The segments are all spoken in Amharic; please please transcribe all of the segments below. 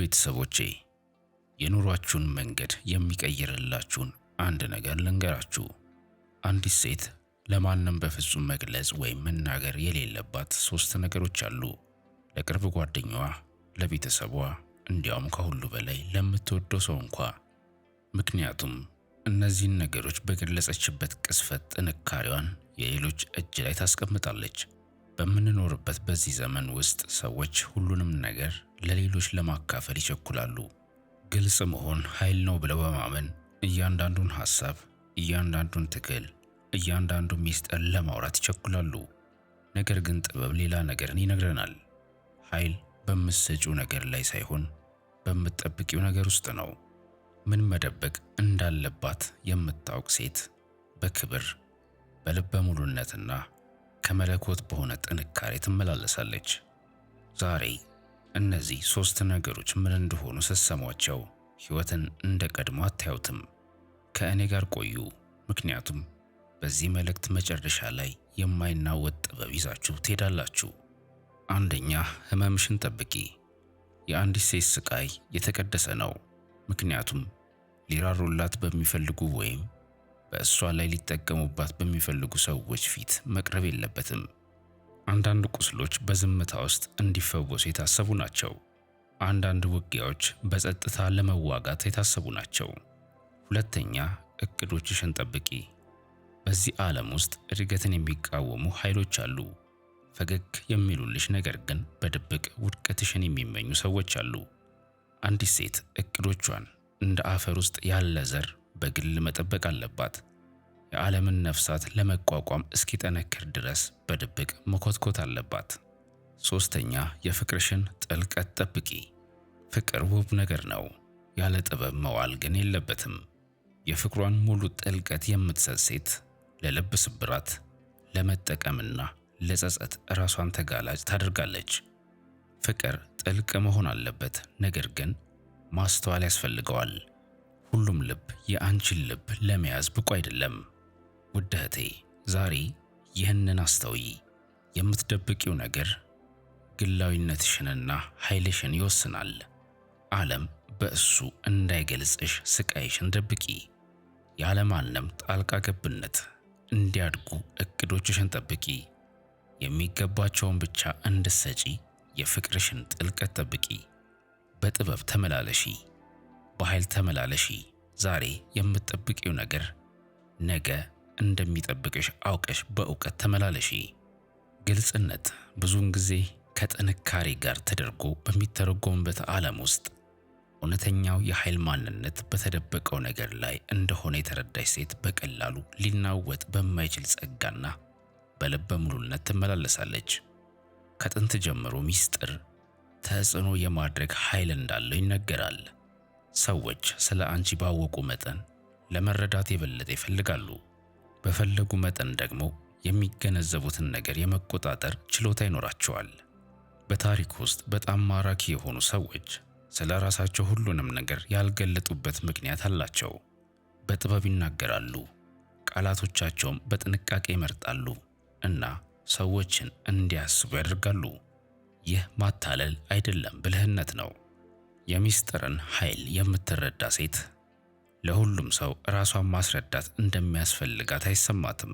ቤተሰቦቼ የኑሯችሁን መንገድ የሚቀይርላችሁን አንድ ነገር ልንገራችሁ። አንዲት ሴት ለማንም በፍጹም መግለጽ ወይም መናገር የሌለባት ሶስት ነገሮች አሉ። ለቅርብ ጓደኛዋ፣ ለቤተሰቧ፣ እንዲያውም ከሁሉ በላይ ለምትወደው ሰው እንኳ። ምክንያቱም እነዚህን ነገሮች በገለጸችበት ቅስፈት ጥንካሬዋን የሌሎች እጅ ላይ ታስቀምጣለች። በምንኖርበት በዚህ ዘመን ውስጥ ሰዎች ሁሉንም ነገር ለሌሎች ለማካፈል ይቸኩላሉ። ግልጽ መሆን ኃይል ነው ብለው በማመን እያንዳንዱን ሐሳብ፣ እያንዳንዱን ትግል፣ እያንዳንዱን ሚስጥር ለማውራት ይቸኩላሉ። ነገር ግን ጥበብ ሌላ ነገርን ይነግረናል። ኃይል በምትሰጪው ነገር ላይ ሳይሆን በምትጠብቂው ነገር ውስጥ ነው። ምን መደበቅ እንዳለባት የምታውቅ ሴት በክብር በልበ ሙሉነትና ከመለኮት በሆነ ጥንካሬ ትመላለሳለች። ዛሬ እነዚህ ሶስት ነገሮች ምን እንደሆኑ ስትሰሟቸው ህይወትን እንደ ቀድሞ አታዩትም። ከእኔ ጋር ቆዩ፣ ምክንያቱም በዚህ መልእክት መጨረሻ ላይ የማይናወጥ ጥበብ ይዛችሁ ትሄዳላችሁ። አንደኛ፣ ህመምሽን ጠብቂ። የአንዲት ሴት ስቃይ የተቀደሰ ነው፣ ምክንያቱም ሊራሩላት በሚፈልጉ ወይም በእሷ ላይ ሊጠቀሙባት በሚፈልጉ ሰዎች ፊት መቅረብ የለበትም። አንዳንድ ቁስሎች በዝምታ ውስጥ እንዲፈወሱ የታሰቡ ናቸው። አንዳንድ ውጊያዎች በጸጥታ ለመዋጋት የታሰቡ ናቸው። ሁለተኛ፣ እቅዶችሽን ጠብቂ። በዚህ ዓለም ውስጥ እድገትን የሚቃወሙ ኃይሎች አሉ። ፈገግ የሚሉልሽ ነገር ግን በድብቅ ውድቀትሽን የሚመኙ ሰዎች አሉ። አንዲት ሴት እቅዶቿን እንደ አፈር ውስጥ ያለ ዘር በግል መጠበቅ አለባት። የዓለምን ነፍሳት ለመቋቋም እስኪጠነክር ድረስ በድብቅ መኮትኮት አለባት። ሶስተኛ የፍቅርሽን ጥልቀት ጠብቂ። ፍቅር ውብ ነገር ነው፣ ያለ ጥበብ መዋል ግን የለበትም። የፍቅሯን ሙሉ ጥልቀት የምትሰጥ ሴት ለልብ ስብራት፣ ለመጠቀምና ለጸጸት ራሷን ተጋላጭ ታደርጋለች። ፍቅር ጥልቅ መሆን አለበት፣ ነገር ግን ማስተዋል ያስፈልገዋል። ሁሉም ልብ የአንቺን ልብ ለመያዝ ብቁ አይደለም። ውድ እህቴ ዛሬ ይህንን አስተውይ። የምትደብቂው ነገር ግላዊነትሽንና ኃይልሽን ይወስናል። ዓለም በእሱ እንዳይገልጽሽ ስቃይሽን ደብቂ። የዓለም አለም ጣልቃ ገብነት እንዲያድጉ እቅዶችሽን ጠብቂ። የሚገባቸውን ብቻ እንድትሰጪ የፍቅርሽን ጥልቀት ጠብቂ። በጥበብ ተመላለሺ፣ በኃይል ተመላለሺ። ዛሬ የምትጠብቂው ነገር ነገ እንደሚጠብቅሽ አውቀሽ በእውቀት ተመላለሺ። ግልጽነት ብዙውን ጊዜ ከጥንካሬ ጋር ተደርጎ በሚተረጎምበት ዓለም ውስጥ እውነተኛው የኃይል ማንነት በተደበቀው ነገር ላይ እንደሆነ የተረዳች ሴት በቀላሉ ሊናወጥ በማይችል ጸጋና በልበ ሙሉነት ትመላለሳለች። ከጥንት ጀምሮ ሚስጥር ተጽዕኖ የማድረግ ኃይል እንዳለው ይነገራል። ሰዎች ስለ አንቺ ባወቁ መጠን ለመረዳት የበለጠ ይፈልጋሉ። በፈለጉ መጠን ደግሞ የሚገነዘቡትን ነገር የመቆጣጠር ችሎታ ይኖራቸዋል። በታሪክ ውስጥ በጣም ማራኪ የሆኑ ሰዎች ስለ ራሳቸው ሁሉንም ነገር ያልገለጡበት ምክንያት አላቸው። በጥበብ ይናገራሉ፣ ቃላቶቻቸውም በጥንቃቄ ይመርጣሉ እና ሰዎችን እንዲያስቡ ያደርጋሉ። ይህ ማታለል አይደለም፣ ብልህነት ነው። የሚስጥርን ኃይል የምትረዳ ሴት ለሁሉም ሰው ራሷን ማስረዳት እንደሚያስፈልጋት አይሰማትም።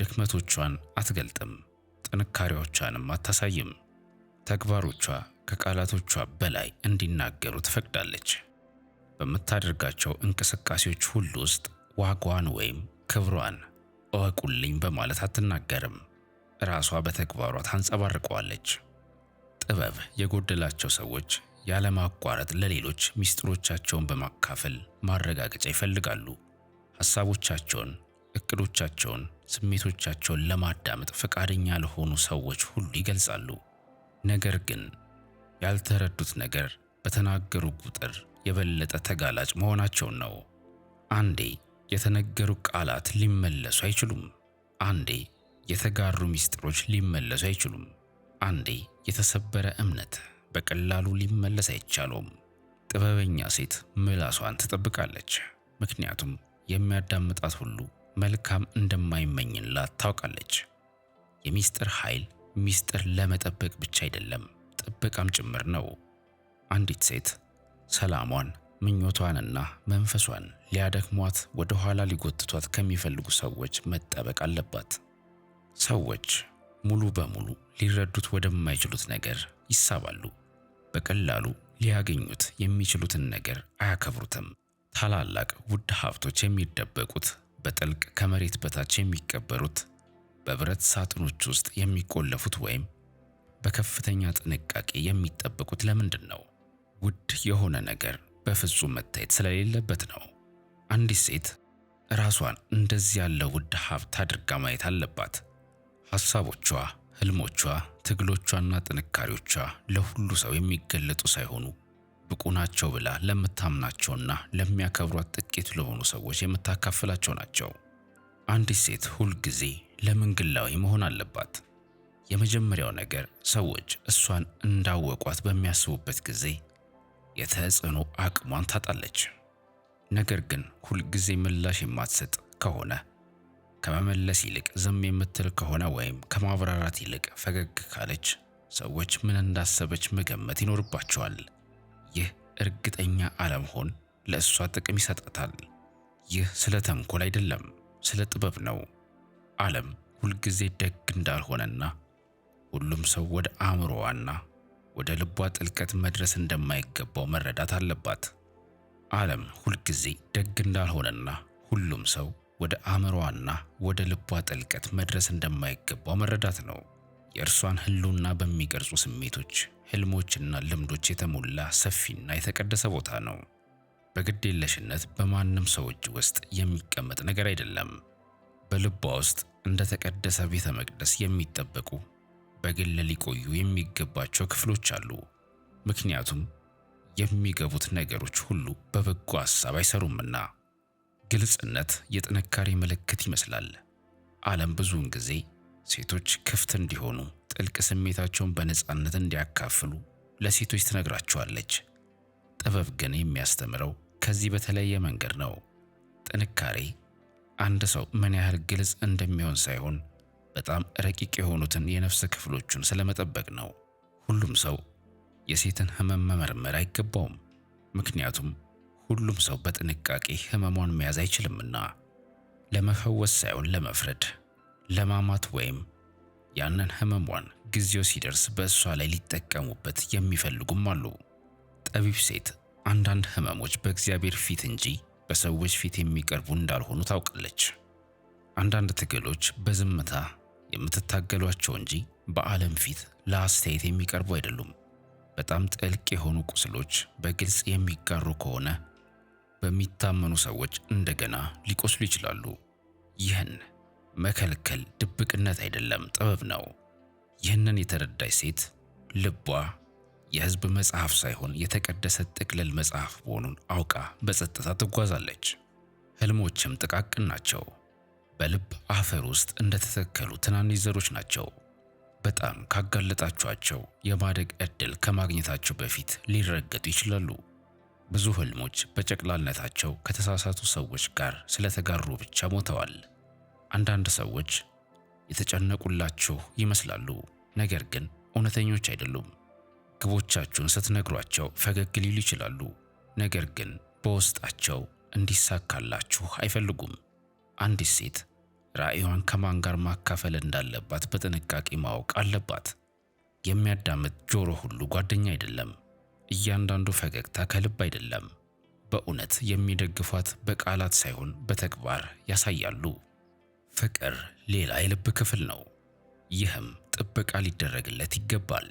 ድክመቶቿን አትገልጥም፣ ጥንካሬዎቿንም አታሳይም። ተግባሮቿ ከቃላቶቿ በላይ እንዲናገሩ ትፈቅዳለች። በምታደርጋቸው እንቅስቃሴዎች ሁሉ ውስጥ ዋጋዋን ወይም ክብሯን እወቁልኝ በማለት አትናገርም። ራሷ በተግባሯ ታንጸባርቀዋለች። ጥበብ የጎደላቸው ሰዎች ያለማቋረጥ ለሌሎች ምስጢሮቻቸውን በማካፈል ማረጋገጫ ይፈልጋሉ። ሐሳቦቻቸውን፣ እቅዶቻቸውን፣ ስሜቶቻቸውን ለማዳመጥ ፈቃደኛ ለሆኑ ሰዎች ሁሉ ይገልጻሉ። ነገር ግን ያልተረዱት ነገር በተናገሩ ቁጥር የበለጠ ተጋላጭ መሆናቸውን ነው። አንዴ የተነገሩ ቃላት ሊመለሱ አይችሉም። አንዴ የተጋሩ ምስጢሮች ሊመለሱ አይችሉም። አንዴ የተሰበረ እምነት በቀላሉ ሊመለስ አይቻለውም። ጥበበኛ ሴት ምላሷን ትጠብቃለች፣ ምክንያቱም የሚያዳምጣት ሁሉ መልካም እንደማይመኝላት ታውቃለች። የሚስጥር ኃይል ሚስጥር ለመጠበቅ ብቻ አይደለም፣ ጥበቃም ጭምር ነው። አንዲት ሴት ሰላሟን፣ ምኞቷንና መንፈሷን ሊያደክሟት ወደ ኋላ ሊጎትቷት ከሚፈልጉ ሰዎች መጠበቅ አለባት። ሰዎች ሙሉ በሙሉ ሊረዱት ወደማይችሉት ነገር ይሳባሉ። በቀላሉ ሊያገኙት የሚችሉትን ነገር አያከብሩትም። ታላላቅ ውድ ሀብቶች የሚደበቁት በጥልቅ ከመሬት በታች የሚቀበሩት በብረት ሳጥኖች ውስጥ የሚቆለፉት ወይም በከፍተኛ ጥንቃቄ የሚጠበቁት ለምንድን ነው? ውድ የሆነ ነገር በፍጹም መታየት ስለሌለበት ነው። አንዲት ሴት ራሷን እንደዚህ ያለ ውድ ሀብት አድርጋ ማየት አለባት። ሐሳቦቿ፣ ህልሞቿ ትግሎቿና ጥንካሬዎቿ ለሁሉ ሰው የሚገለጡ ሳይሆኑ ብቁ ናቸው ብላ ለምታምናቸውና ለሚያከብሯት ጥቂት ለሆኑ ሰዎች የምታካፍላቸው ናቸው። አንዲት ሴት ሁልጊዜ ለምን ግላዊ መሆን አለባት? የመጀመሪያው ነገር ሰዎች እሷን እንዳወቋት በሚያስቡበት ጊዜ የተጽዕኖ አቅሟን ታጣለች። ነገር ግን ሁልጊዜ ምላሽ የማትሰጥ ከሆነ ከመመለስ ይልቅ ዝም የምትል ከሆነ ወይም ከማብራራት ይልቅ ፈገግ ካለች ሰዎች ምን እንዳሰበች መገመት ይኖርባቸዋል። ይህ እርግጠኛ አለመሆን ለእሷ ጥቅም ይሰጣታል። ይህ ስለ ተንኮል አይደለም፣ ስለ ጥበብ ነው። ዓለም ሁልጊዜ ደግ እንዳልሆነና ሁሉም ሰው ወደ አእምሮዋና ወደ ልቧ ጥልቀት መድረስ እንደማይገባው መረዳት አለባት። ዓለም ሁልጊዜ ደግ እንዳልሆነና ሁሉም ሰው ወደ አእምሮዋና ወደ ልቧ ጥልቀት መድረስ እንደማይገባው መረዳት ነው። የእርሷን ህልውና በሚቀርጹ ስሜቶች፣ ህልሞችና ልምዶች የተሞላ ሰፊና የተቀደሰ ቦታ ነው። በግዴለሽነት በማንም ሰው እጅ ውስጥ የሚቀመጥ ነገር አይደለም። በልቧ ውስጥ እንደ ተቀደሰ ቤተ መቅደስ የሚጠበቁ በግል ሊቆዩ የሚገባቸው ክፍሎች አሉ። ምክንያቱም የሚገቡት ነገሮች ሁሉ በበጎ ሐሳብ አይሰሩምና። ግልጽነት የጥንካሬ ምልክት ይመስላል። ዓለም ብዙውን ጊዜ ሴቶች ክፍት እንዲሆኑ፣ ጥልቅ ስሜታቸውን በነፃነት እንዲያካፍሉ ለሴቶች ትነግራቸዋለች። ጥበብ ግን የሚያስተምረው ከዚህ በተለየ መንገድ ነው። ጥንካሬ አንድ ሰው ምን ያህል ግልጽ እንደሚሆን ሳይሆን በጣም ረቂቅ የሆኑትን የነፍስ ክፍሎቹን ስለመጠበቅ ነው። ሁሉም ሰው የሴትን ህመም መመርመር አይገባውም፣ ምክንያቱም ሁሉም ሰው በጥንቃቄ ህመሟን መያዝ አይችልምና ለመፈወስ ሳይሆን ለመፍረድ፣ ለማማት ወይም ያንን ህመሟን ጊዜው ሲደርስ በእሷ ላይ ሊጠቀሙበት የሚፈልጉም አሉ። ጠቢብ ሴት አንዳንድ ህመሞች በእግዚአብሔር ፊት እንጂ በሰዎች ፊት የሚቀርቡ እንዳልሆኑ ታውቃለች። አንዳንድ ትግሎች በዝምታ የምትታገሏቸው እንጂ በዓለም ፊት ለአስተያየት የሚቀርቡ አይደሉም። በጣም ጥልቅ የሆኑ ቁስሎች በግልጽ የሚጋሩ ከሆነ በሚታመኑ ሰዎች እንደገና ሊቆስሉ ይችላሉ። ይህን መከልከል ድብቅነት አይደለም፣ ጥበብ ነው። ይህንን የተረዳች ሴት ልቧ የሕዝብ መጽሐፍ ሳይሆን የተቀደሰ ጥቅልል መጽሐፍ መሆኑን አውቃ በጸጥታ ትጓዛለች። ሕልሞችም ጥቃቅን ናቸው። በልብ አፈር ውስጥ እንደተተከሉ ትናንሽ ዘሮች ናቸው። በጣም ካጋለጣችኋቸው የማደግ ዕድል ከማግኘታቸው በፊት ሊረገጡ ይችላሉ። ብዙ ህልሞች በጨቅላነታቸው ከተሳሳቱ ሰዎች ጋር ስለተጋሩ ብቻ ሞተዋል። አንዳንድ ሰዎች የተጨነቁላችሁ ይመስላሉ፣ ነገር ግን እውነተኞች አይደሉም። ግቦቻችሁን ስትነግሯቸው ፈገግ ሊሉ ይችላሉ፣ ነገር ግን በውስጣቸው እንዲሳካላችሁ አይፈልጉም። አንዲት ሴት ራዕይዋን ከማን ጋር ማካፈል እንዳለባት በጥንቃቄ ማወቅ አለባት። የሚያዳምጥ ጆሮ ሁሉ ጓደኛ አይደለም። እያንዳንዱ ፈገግታ ከልብ አይደለም። በእውነት የሚደግፏት በቃላት ሳይሆን በተግባር ያሳያሉ። ፍቅር ሌላ የልብ ክፍል ነው። ይህም ጥበቃ ሊደረግለት ይገባል።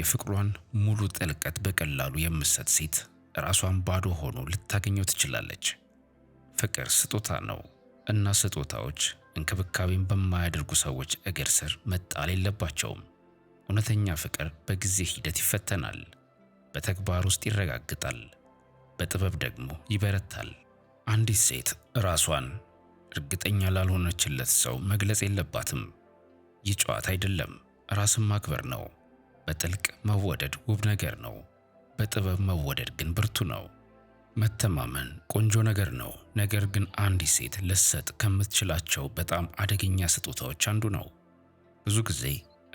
የፍቅሯን ሙሉ ጥልቀት በቀላሉ የምትሰጥ ሴት ራሷን ባዶ ሆኖ ልታገኘው ትችላለች። ፍቅር ስጦታ ነው እና ስጦታዎች እንክብካቤን በማያደርጉ ሰዎች እግር ስር መጣል የለባቸውም። እውነተኛ ፍቅር በጊዜ ሂደት ይፈተናል። በተግባር ውስጥ ይረጋግጣል፣ በጥበብ ደግሞ ይበረታል። አንዲት ሴት ራሷን እርግጠኛ ላልሆነችለት ሰው መግለጽ የለባትም። ይህ ጨዋታ አይደለም፣ ራስን ማክበር ነው። በጥልቅ መወደድ ውብ ነገር ነው። በጥበብ መወደድ ግን ብርቱ ነው። መተማመን ቆንጆ ነገር ነው፣ ነገር ግን አንዲት ሴት ልትሰጥ ከምትችላቸው በጣም አደገኛ ስጦታዎች አንዱ ነው። ብዙ ጊዜ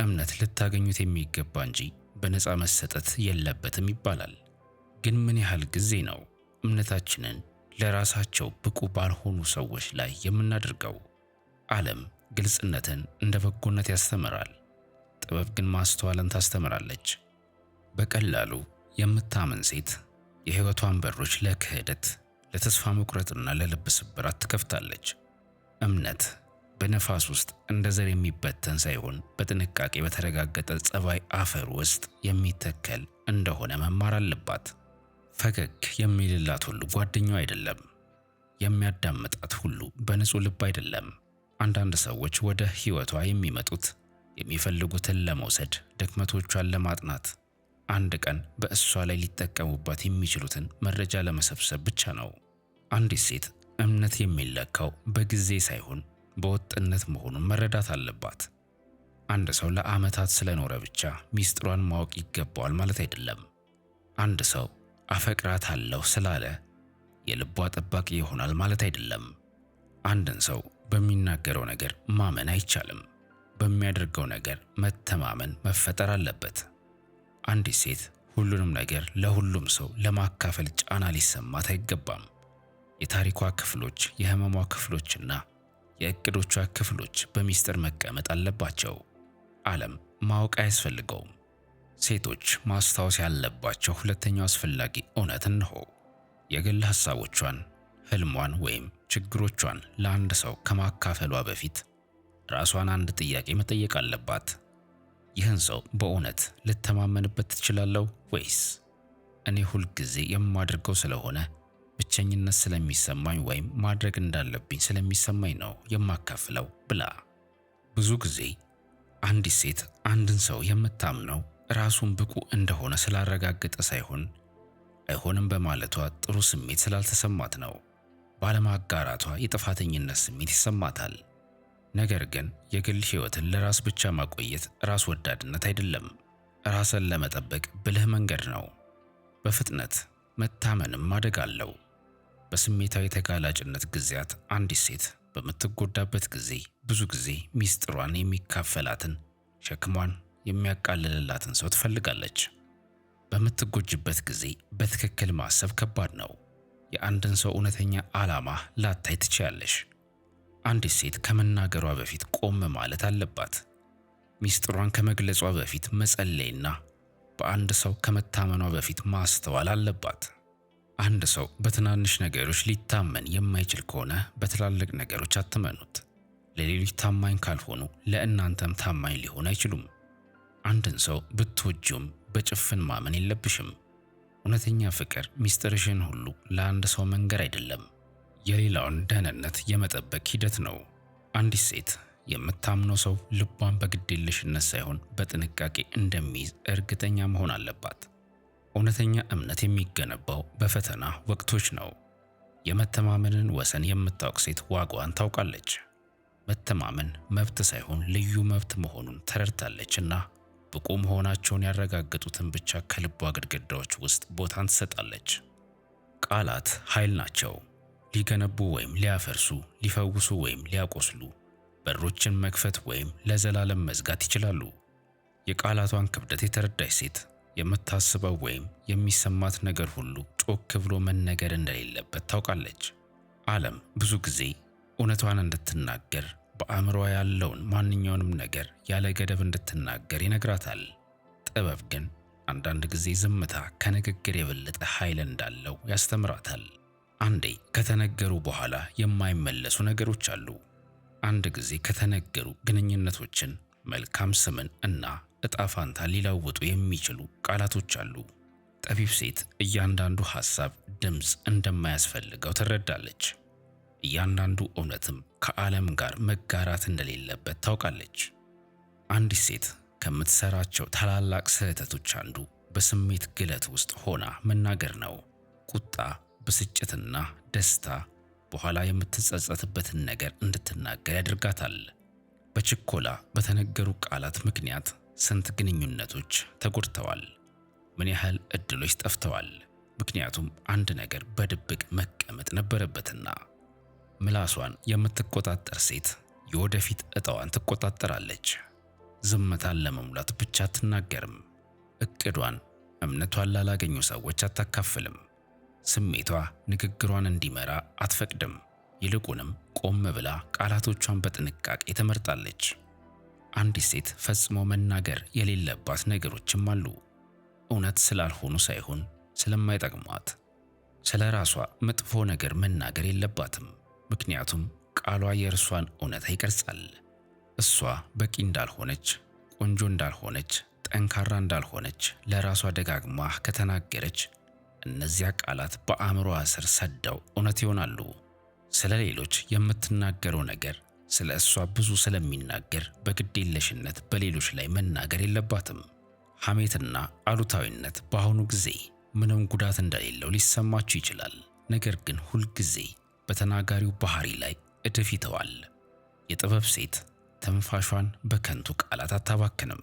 እምነት ልታገኙት የሚገባ እንጂ በነፃ መሰጠት የለበትም ይባላል። ግን ምን ያህል ጊዜ ነው እምነታችንን ለራሳቸው ብቁ ባልሆኑ ሰዎች ላይ የምናደርገው? ዓለም ግልጽነትን እንደ በጎነት ያስተምራል። ጥበብ ግን ማስተዋልን ታስተምራለች። በቀላሉ የምታምን ሴት የሕይወቷን በሮች ለክህደት፣ ለተስፋ መቁረጥና ለልብ ስብራት ትከፍታለች። እምነት በነፋስ ውስጥ እንደ ዘር የሚበተን ሳይሆን በጥንቃቄ በተረጋገጠ ጸባይ አፈር ውስጥ የሚተከል እንደሆነ መማር አለባት። ፈገግ የሚልላት ሁሉ ጓደኛው አይደለም። የሚያዳምጣት ሁሉ በንጹህ ልብ አይደለም። አንዳንድ ሰዎች ወደ ሕይወቷ የሚመጡት የሚፈልጉትን ለመውሰድ፣ ድክመቶቿን ለማጥናት፣ አንድ ቀን በእሷ ላይ ሊጠቀሙባት የሚችሉትን መረጃ ለመሰብሰብ ብቻ ነው። አንዲት ሴት እምነት የሚለካው በጊዜ ሳይሆን በወጥነት መሆኑን መረዳት አለባት። አንድ ሰው ለዓመታት ስለኖረ ብቻ ሚስጥሯን ማወቅ ይገባዋል ማለት አይደለም። አንድ ሰው አፈቅራታለሁ ስላለ የልቧ ጠባቂ ይሆናል ማለት አይደለም። አንድን ሰው በሚናገረው ነገር ማመን አይቻልም። በሚያደርገው ነገር መተማመን መፈጠር አለበት። አንዲት ሴት ሁሉንም ነገር ለሁሉም ሰው ለማካፈል ጫና ሊሰማት አይገባም። የታሪኳ ክፍሎች፣ የህመሟ ክፍሎችና የእቅዶቿ ክፍሎች በሚስጥር መቀመጥ አለባቸው። ዓለም ማወቅ አያስፈልገውም። ሴቶች ማስታወስ ያለባቸው ሁለተኛው አስፈላጊ እውነት እንሆ የግል ሐሳቦቿን፣ ህልሟን ወይም ችግሮቿን ለአንድ ሰው ከማካፈሏ በፊት ራሷን አንድ ጥያቄ መጠየቅ አለባት። ይህን ሰው በእውነት ልተማመንበት ትችላለሁ ወይስ እኔ ሁልጊዜ የማደርገው ስለሆነ ብቸኝነት ስለሚሰማኝ ወይም ማድረግ እንዳለብኝ ስለሚሰማኝ ነው የማካፍለው ብላ። ብዙ ጊዜ አንዲት ሴት አንድን ሰው የምታምነው ራሱን ብቁ እንደሆነ ስላረጋገጠ ሳይሆን አይሆንም በማለቷ ጥሩ ስሜት ስላልተሰማት ነው። ባለማጋራቷ የጥፋተኝነት ስሜት ይሰማታል። ነገር ግን የግል ሕይወትን ለራስ ብቻ ማቆየት ራስ ወዳድነት አይደለም፣ ራስን ለመጠበቅ ብልህ መንገድ ነው። በፍጥነት መታመንም አደጋ አለው። በስሜታዊ ተጋላጭነት ጊዜያት አንዲት ሴት በምትጎዳበት ጊዜ ብዙ ጊዜ ሚስጥሯን የሚካፈላትን ሸክሟን የሚያቃልልላትን ሰው ትፈልጋለች። በምትጎጅበት ጊዜ በትክክል ማሰብ ከባድ ነው። የአንድን ሰው እውነተኛ ዓላማ ላታይ ትችያለሽ። አንዲት ሴት ከመናገሯ በፊት ቆም ማለት አለባት። ሚስጥሯን ከመግለጿ በፊት መጸለይና በአንድ ሰው ከመታመኗ በፊት ማስተዋል አለባት። አንድ ሰው በትናንሽ ነገሮች ሊታመን የማይችል ከሆነ በትላልቅ ነገሮች አትመኑት። ለሌሎች ታማኝ ካልሆኑ ለእናንተም ታማኝ ሊሆን አይችሉም። አንድን ሰው ብትወጂውም በጭፍን ማመን የለብሽም። እውነተኛ ፍቅር ሚስጥርሽን ሁሉ ለአንድ ሰው መንገር አይደለም፣ የሌላውን ደህንነት የመጠበቅ ሂደት ነው። አንዲት ሴት የምታምነው ሰው ልቧን በግዴለሽነት ሳይሆን በጥንቃቄ እንደሚይዝ እርግጠኛ መሆን አለባት። እውነተኛ እምነት የሚገነባው በፈተና ወቅቶች ነው። የመተማመንን ወሰን የምታውቅ ሴት ዋጋዋን ታውቃለች። መተማመን መብት ሳይሆን ልዩ መብት መሆኑን ተረድታለችና ብቁ መሆናቸውን ያረጋገጡትን ብቻ ከልቧ ግድግዳዎች ውስጥ ቦታን ትሰጣለች። ቃላት ኃይል ናቸው። ሊገነቡ ወይም ሊያፈርሱ፣ ሊፈውሱ ወይም ሊያቆስሉ፣ በሮችን መክፈት ወይም ለዘላለም መዝጋት ይችላሉ። የቃላቷን ክብደት የተረዳች ሴት የምታስበው ወይም የሚሰማት ነገር ሁሉ ጮክ ብሎ መነገር እንደሌለበት ታውቃለች። ዓለም ብዙ ጊዜ እውነቷን እንድትናገር በአእምሯ ያለውን ማንኛውንም ነገር ያለ ገደብ እንድትናገር ይነግራታል። ጥበብ ግን አንዳንድ ጊዜ ዝምታ ከንግግር የበለጠ ኃይል እንዳለው ያስተምራታል። አንዴ ከተነገሩ በኋላ የማይመለሱ ነገሮች አሉ። አንድ ጊዜ ከተነገሩ ግንኙነቶችን፣ መልካም ስምን እና እጣ ፋንታ ሊለውጡ የሚችሉ ቃላቶች አሉ። ጠቢብ ሴት እያንዳንዱ ሐሳብ ድምፅ እንደማያስፈልገው ትረዳለች። እያንዳንዱ እውነትም ከዓለም ጋር መጋራት እንደሌለበት ታውቃለች። አንዲት ሴት ከምትሰራቸው ታላላቅ ስህተቶች አንዱ በስሜት ግለት ውስጥ ሆና መናገር ነው። ቁጣ፣ ብስጭትና ደስታ በኋላ የምትጸጸትበትን ነገር እንድትናገር ያደርጋታል። በችኮላ በተነገሩ ቃላት ምክንያት ስንት ግንኙነቶች ተጎድተዋል? ምን ያህል እድሎች ጠፍተዋል? ምክንያቱም አንድ ነገር በድብቅ መቀመጥ ነበረበትና። ምላሷን የምትቆጣጠር ሴት የወደፊት እጣዋን ትቆጣጠራለች። ዝምታን ለመሙላት ብቻ አትናገርም። እቅዷን፣ እምነቷን ላላገኙ ሰዎች አታካፍልም። ስሜቷ ንግግሯን እንዲመራ አትፈቅድም። ይልቁንም ቆም ብላ ቃላቶቿን በጥንቃቄ ትመርጣለች። አንዲት ሴት ፈጽሞ መናገር የሌለባት ነገሮችም አሉ። እውነት ስላልሆኑ ሳይሆን ስለማይጠቅሟት። ስለ ራሷ መጥፎ ነገር መናገር የለባትም። ምክንያቱም ቃሏ የእርሷን እውነታ ይቀርጻል። እሷ በቂ እንዳልሆነች፣ ቆንጆ እንዳልሆነች፣ ጠንካራ እንዳልሆነች ለራሷ ደጋግማ ከተናገረች እነዚያ ቃላት በአእምሮዋ ስር ሰደው እውነት ይሆናሉ። ስለ ሌሎች የምትናገረው ነገር ስለ እሷ ብዙ ስለሚናገር በግዴለሽነት በሌሎች ላይ መናገር የለባትም። ሐሜትና አሉታዊነት በአሁኑ ጊዜ ምንም ጉዳት እንደሌለው ሊሰማችሁ ይችላል። ነገር ግን ሁልጊዜ በተናጋሪው ባህሪ ላይ እድፍ ይተዋል። የጥበብ ሴት ትንፋሿን በከንቱ ቃላት አታባክንም።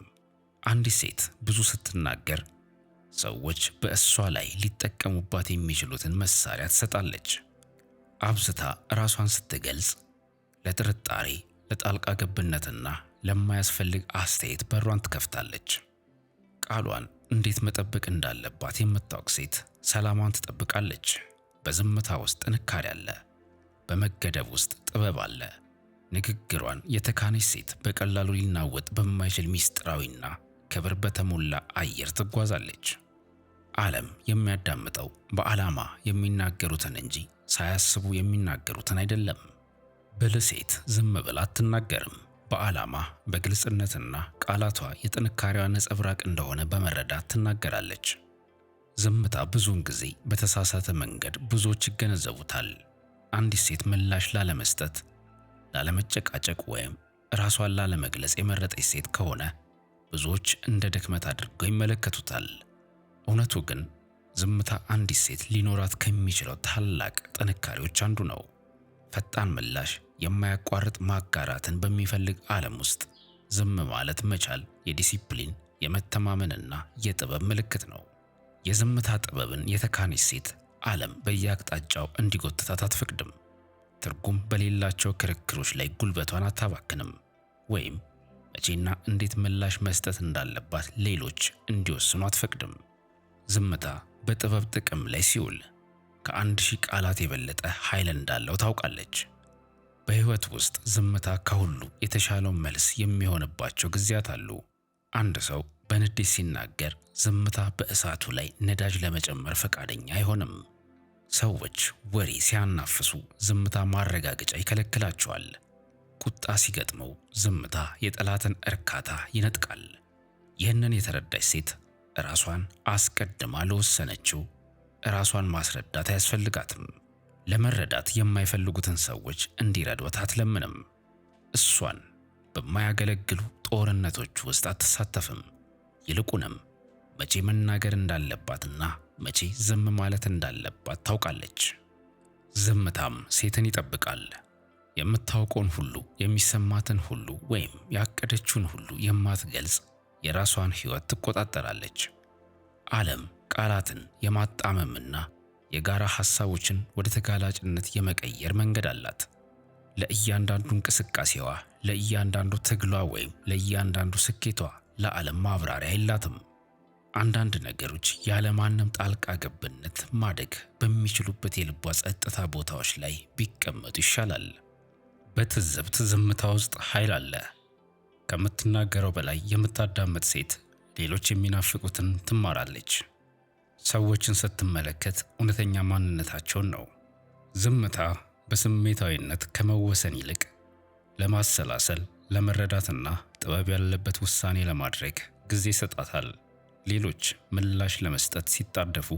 አንዲት ሴት ብዙ ስትናገር ሰዎች በእሷ ላይ ሊጠቀሙባት የሚችሉትን መሳሪያ ትሰጣለች። አብዝታ ራሷን ስትገልጽ ለጥርጣሬ፣ ለጣልቃ ገብነትና ለማያስፈልግ አስተያየት በሯን ትከፍታለች። ቃሏን እንዴት መጠበቅ እንዳለባት የምታውቅ ሴት ሰላሟን ትጠብቃለች። በዝምታ ውስጥ ጥንካሬ አለ፣ በመገደብ ውስጥ ጥበብ አለ። ንግግሯን የተካነች ሴት በቀላሉ ሊናወጥ በማይችል ሚስጥራዊና ክብር በተሞላ አየር ትጓዛለች። ዓለም የሚያዳምጠው በዓላማ የሚናገሩትን እንጂ ሳያስቡ የሚናገሩትን አይደለም። ብልሴት ዝም ብላ አትናገርም። በዓላማ በግልጽነትና ቃላቷ የጥንካሬዋ ነጸብራቅ እንደሆነ በመረዳት ትናገራለች። ዝምታ ብዙውን ጊዜ በተሳሳተ መንገድ ብዙዎች ይገነዘቡታል። አንዲት ሴት ምላሽ ላለመስጠት፣ ላለመጨቃጨቅ ወይም ራሷን ላለመግለጽ የመረጠች ሴት ከሆነ ብዙዎች እንደ ድክመት አድርገው ይመለከቱታል። እውነቱ ግን ዝምታ አንዲት ሴት ሊኖራት ከሚችለው ታላቅ ጥንካሬዎች አንዱ ነው። ፈጣን ምላሽ የማያቋርጥ ማጋራትን በሚፈልግ ዓለም ውስጥ ዝም ማለት መቻል የዲሲፕሊን የመተማመንና የጥበብ ምልክት ነው። የዝምታ ጥበብን የተካነች ሴት ዓለም በየአቅጣጫው እንዲጎትታት አትፈቅድም። ትርጉም በሌላቸው ክርክሮች ላይ ጉልበቷን አታባክንም፣ ወይም መቼና እንዴት ምላሽ መስጠት እንዳለባት ሌሎች እንዲወስኑ አትፈቅድም። ዝምታ በጥበብ ጥቅም ላይ ሲውል ከአንድ ሺህ ቃላት የበለጠ ኃይል እንዳለው ታውቃለች። በህይወት ውስጥ ዝምታ ከሁሉ የተሻለው መልስ የሚሆንባቸው ጊዜያት አሉ። አንድ ሰው በንዴት ሲናገር ዝምታ በእሳቱ ላይ ነዳጅ ለመጨመር ፈቃደኛ አይሆንም። ሰዎች ወሬ ሲያናፍሱ ዝምታ ማረጋገጫ ይከለክላቸዋል። ቁጣ ሲገጥመው ዝምታ የጠላትን እርካታ ይነጥቃል። ይህንን የተረዳች ሴት ራሷን አስቀድማ ለወሰነችው ራሷን ማስረዳት አያስፈልጋትም። ለመረዳት የማይፈልጉትን ሰዎች እንዲረዷት አትለምንም። እሷን በማያገለግሉ ጦርነቶች ውስጥ አትሳተፍም። ይልቁንም መቼ መናገር እንዳለባትና መቼ ዝም ማለት እንዳለባት ታውቃለች። ዝምታም ሴትን ይጠብቃል። የምታውቀውን ሁሉ፣ የሚሰማትን ሁሉ ወይም ያቀደችውን ሁሉ የማትገልጽ የራሷን ሕይወት ትቆጣጠራለች። ዓለም ቃላትን የማጣመምና የጋራ ሐሳቦችን ወደ ተጋላጭነት የመቀየር መንገድ አላት። ለእያንዳንዱ እንቅስቃሴዋ፣ ለእያንዳንዱ ትግሏ ወይም ለእያንዳንዱ ስኬቷ ለዓለም ማብራሪያ የላትም። አንዳንድ ነገሮች ያለማንም ጣልቃ ገብነት ማደግ በሚችሉበት የልቧ ጸጥታ ቦታዎች ላይ ቢቀመጡ ይሻላል። በትዝብት ዝምታ ውስጥ ኃይል አለ። ከምትናገረው በላይ የምታዳምጥ ሴት ሌሎች የሚናፍቁትን ትማራለች። ሰዎችን ስትመለከት እውነተኛ ማንነታቸውን ነው። ዝምታ በስሜታዊነት ከመወሰን ይልቅ ለማሰላሰል፣ ለመረዳትና ጥበብ ያለበት ውሳኔ ለማድረግ ጊዜ ይሰጣታል። ሌሎች ምላሽ ለመስጠት ሲጣደፉ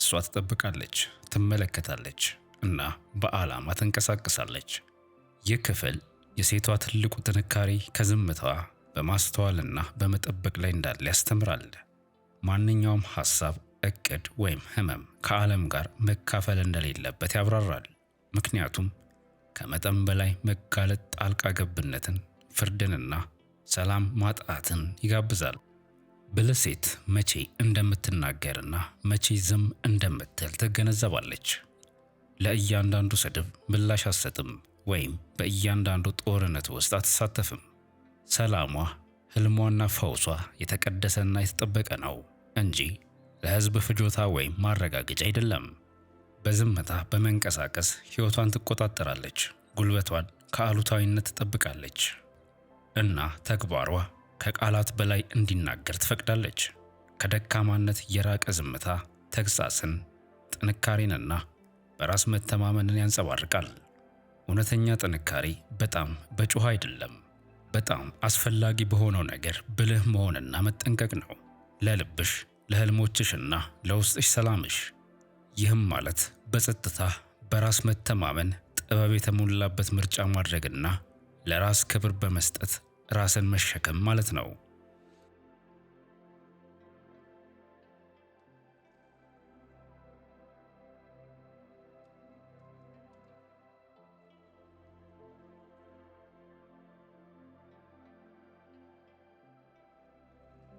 እሷ ትጠብቃለች፣ ትመለከታለች እና በዓላማ ትንቀሳቀሳለች። ይህ ክፍል የሴቷ ትልቁ ጥንካሬ ከዝምታዋ በማስተዋልና በመጠበቅ ላይ እንዳለ ያስተምራል። ማንኛውም ሐሳብ እቅድ ወይም ህመም ከዓለም ጋር መካፈል እንደሌለበት ያብራራል። ምክንያቱም ከመጠን በላይ መጋለጥ ጣልቃ ገብነትን፣ ፍርድንና ሰላም ማጣትን ይጋብዛል። ብልሴት መቼ እንደምትናገርና መቼ ዝም እንደምትል ትገነዘባለች። ለእያንዳንዱ ስድብ ምላሽ አትሰጥም ወይም በእያንዳንዱ ጦርነት ውስጥ አትሳተፍም። ሰላሟ፣ ህልሟና ፈውሷ የተቀደሰና የተጠበቀ ነው እንጂ ለህዝብ ፍጆታ ወይም ማረጋገጫ አይደለም። በዝምታ በመንቀሳቀስ ህይወቷን ትቆጣጠራለች፣ ጉልበቷን ከአሉታዊነት ትጠብቃለች እና ተግባሯ ከቃላት በላይ እንዲናገር ትፈቅዳለች። ከደካማነት የራቀ ዝምታ ተግሳጽን፣ ጥንካሬንና በራስ መተማመንን ያንጸባርቃል። እውነተኛ ጥንካሬ በጣም በጩኸ አይደለም፣ በጣም አስፈላጊ በሆነው ነገር ብልህ መሆንና መጠንቀቅ ነው። ለልብሽ ለህልሞችሽና ለውስጥሽ ሰላምሽ። ይህም ማለት በጸጥታ በራስ መተማመን ጥበብ የተሞላበት ምርጫ ማድረግና ለራስ ክብር በመስጠት ራስን መሸከም ማለት ነው።